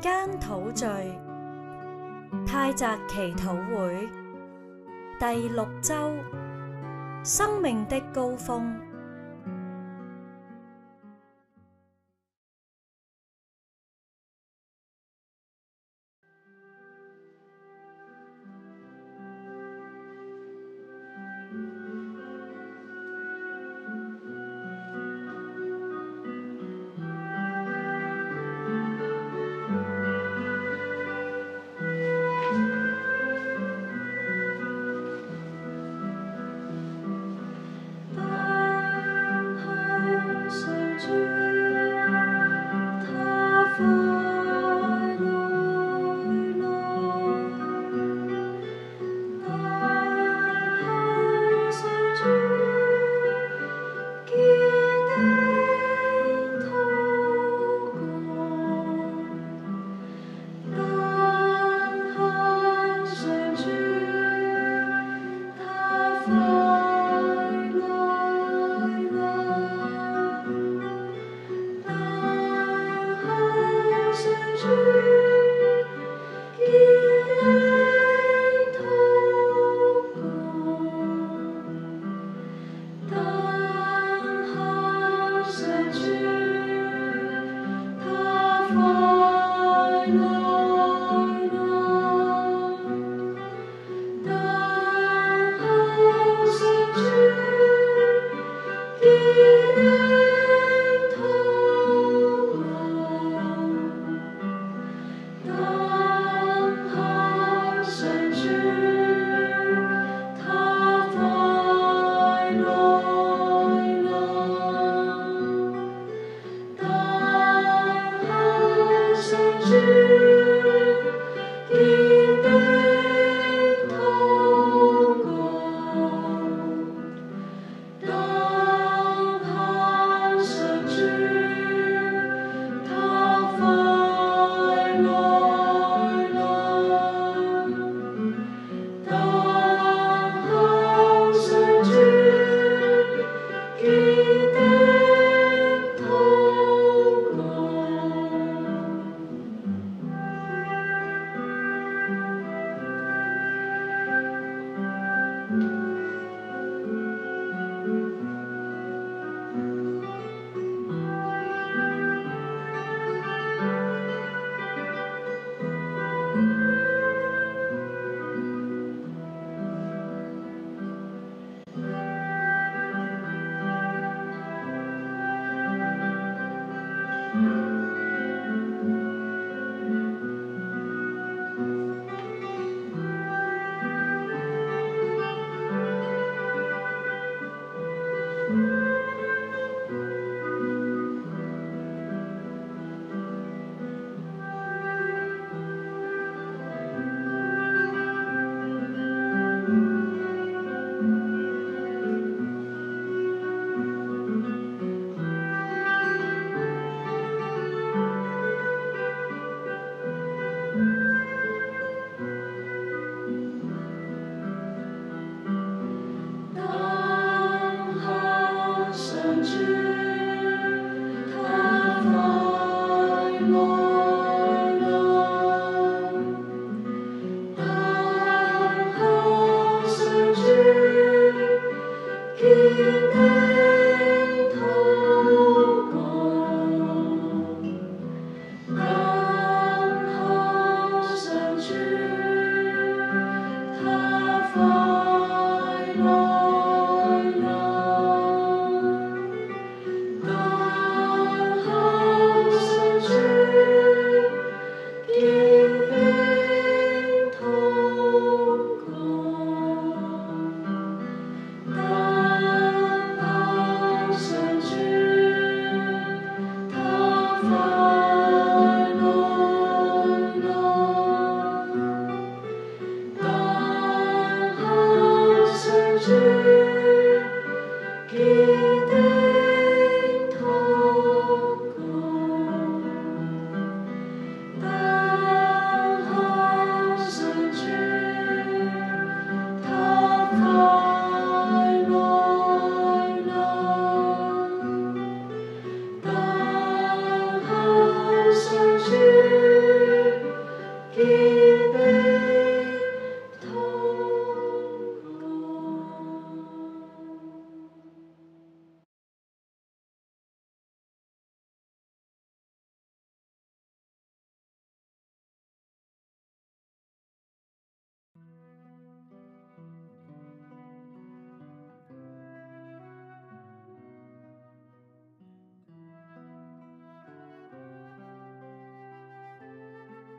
預苦期，泰澤祈禱會第六周，生命的高峰。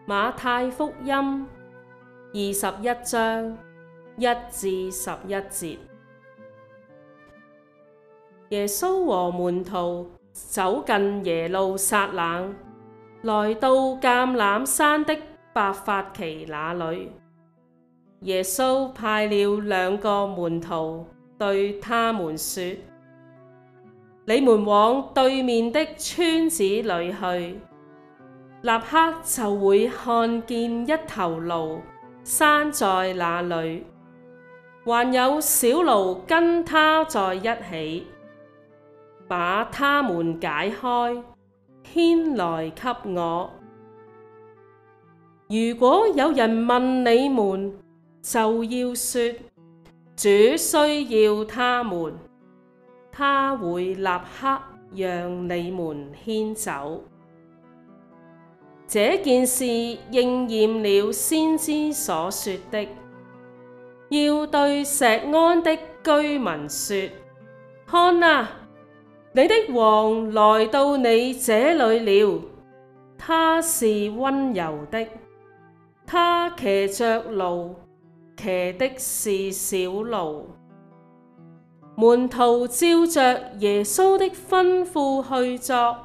馬太福音二十一章一至十一節，耶穌和門徒走近耶路撒冷，來到橄欖山的伯法其那裏。耶穌派了兩個門徒對他們說：你們往對面的村子裏去。立刻就會看見一頭驢拴在那裏，還有小驢跟它在一起。把它們解開，牽來給我。如果有人問你們，就要說：主需要他們，他會立刻讓你們牽走。這件事應驗了先知所說的，要對錫安的居民説：看啊，你的王來到你這裏了。他是温柔的，他騎着驢，騎的是小驢，門徒照着耶穌的吩咐去作。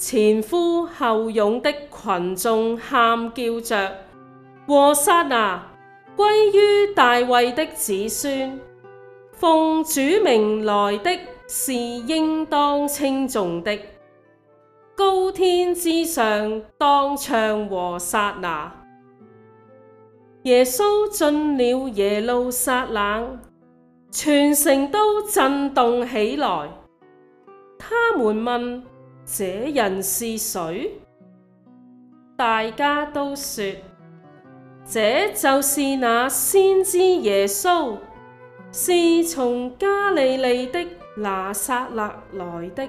前呼後擁的群眾喊叫着：和撒那歸於大衛的子孫，奉主命來的是應當稱重的。高天之上，當唱和撒那。耶穌進了耶路撒冷，全城都震動起來。他們問。這人是誰？大家都說，這就是那先知耶穌，是從加利利的拿撒勒來的。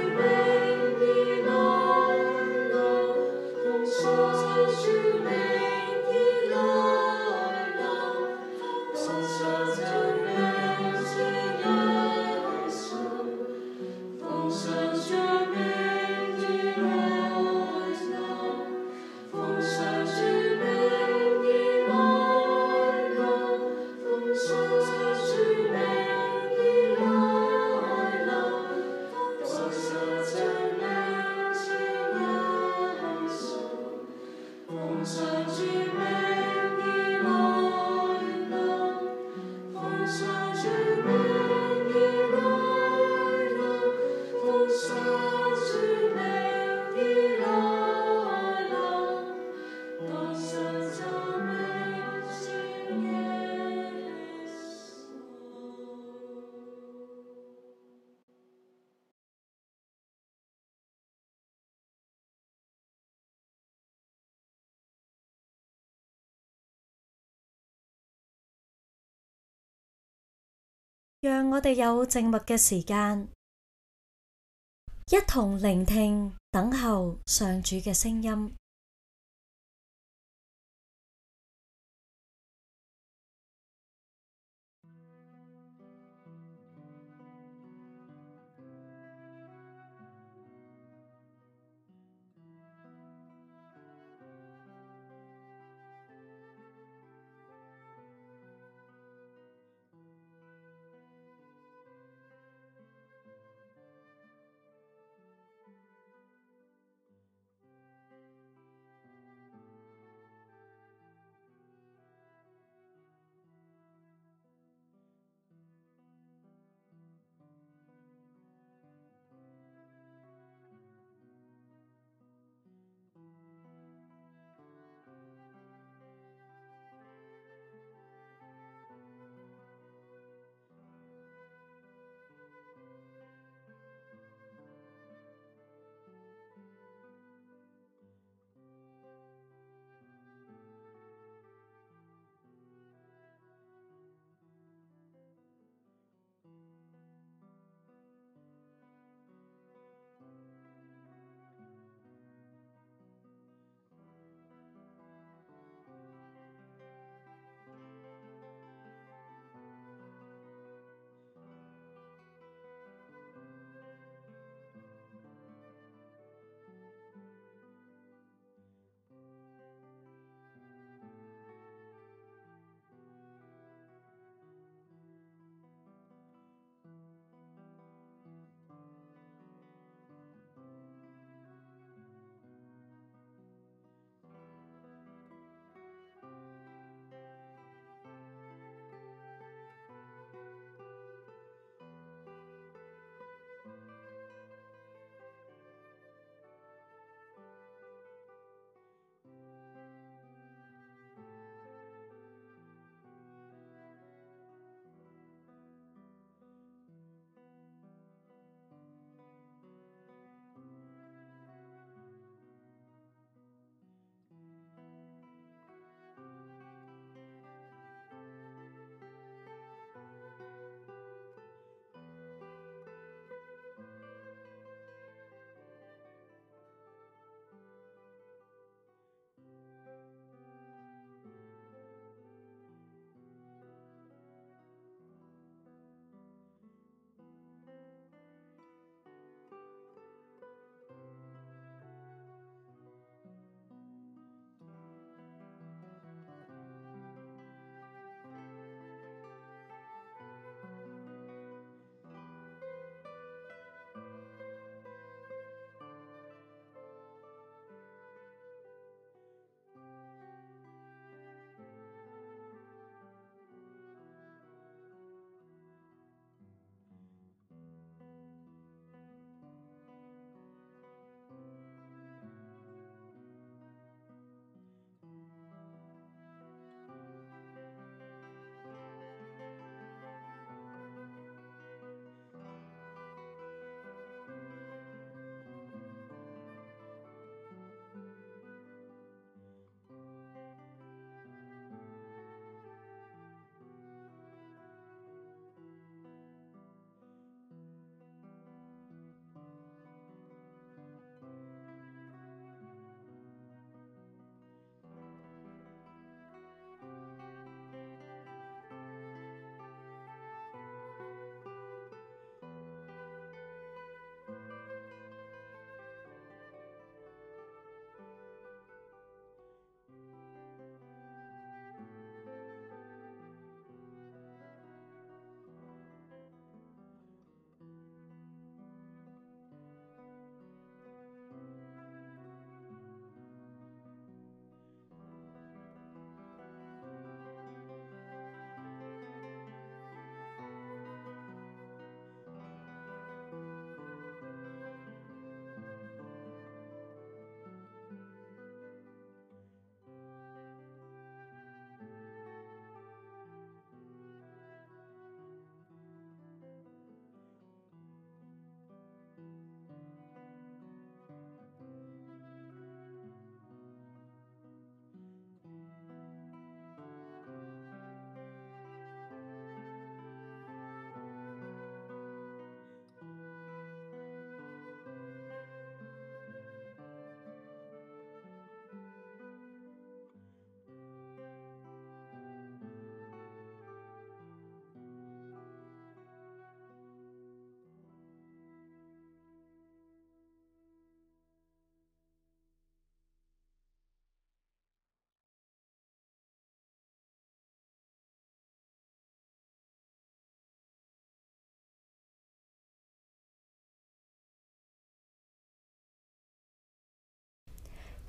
讓我哋有靜默嘅時間，一同聆聽、等候上主嘅聲音。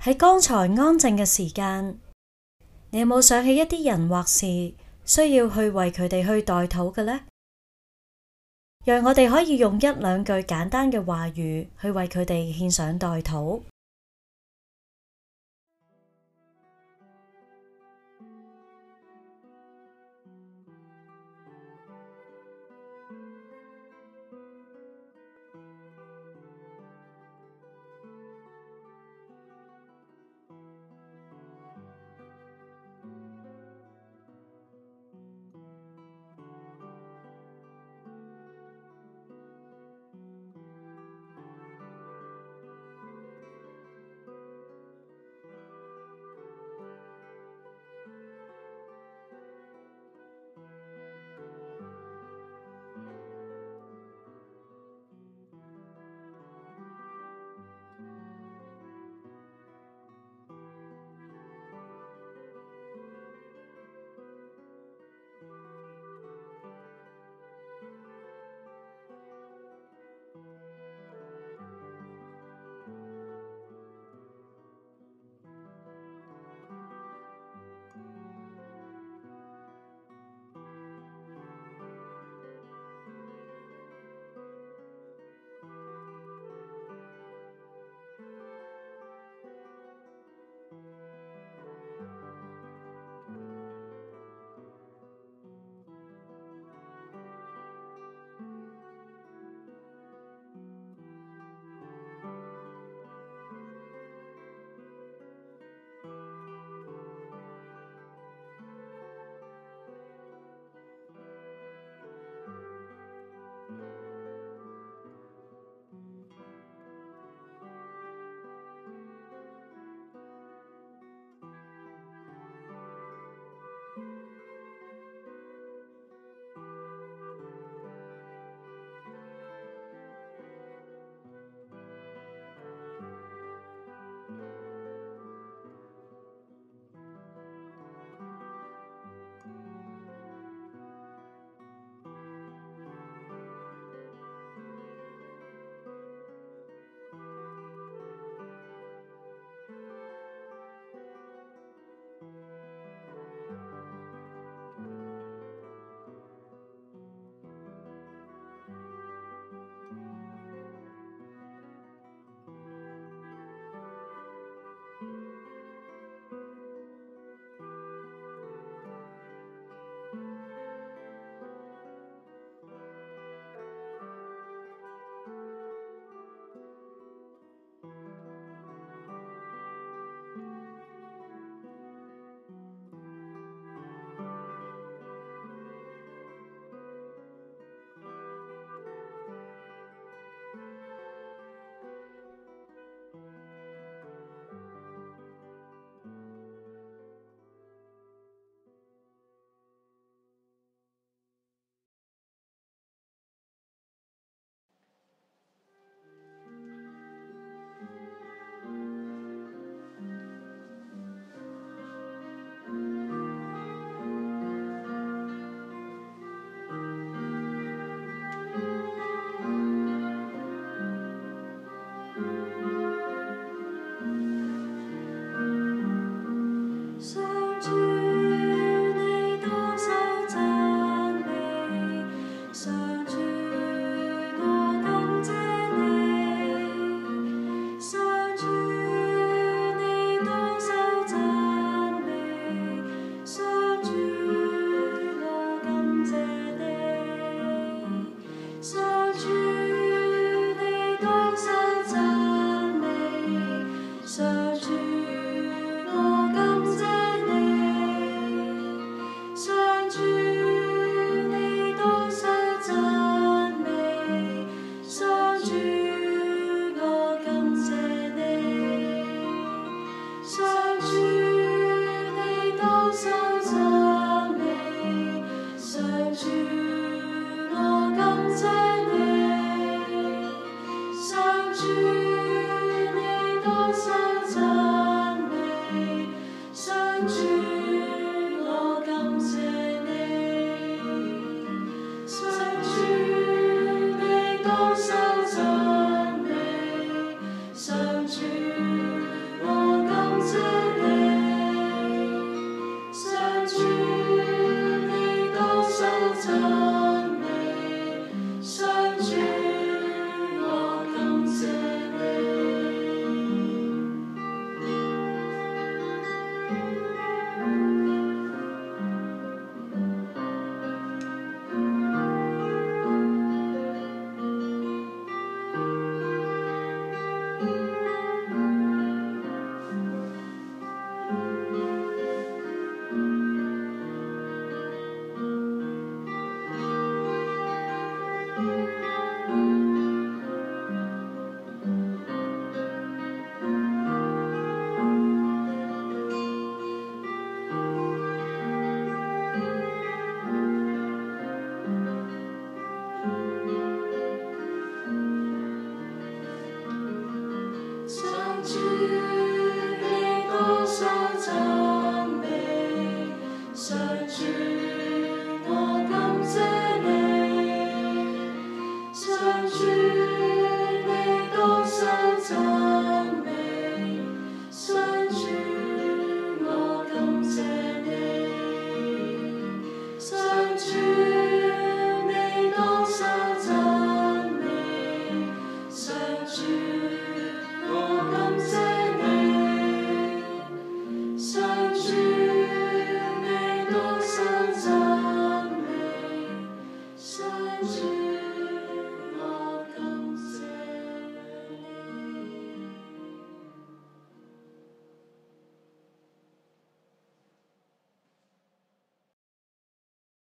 喺剛才安靜嘅時間，你有冇想起一啲人或事需要去為佢哋去代禱嘅呢？讓我哋可以用一兩句簡單嘅話語去為佢哋獻上代禱。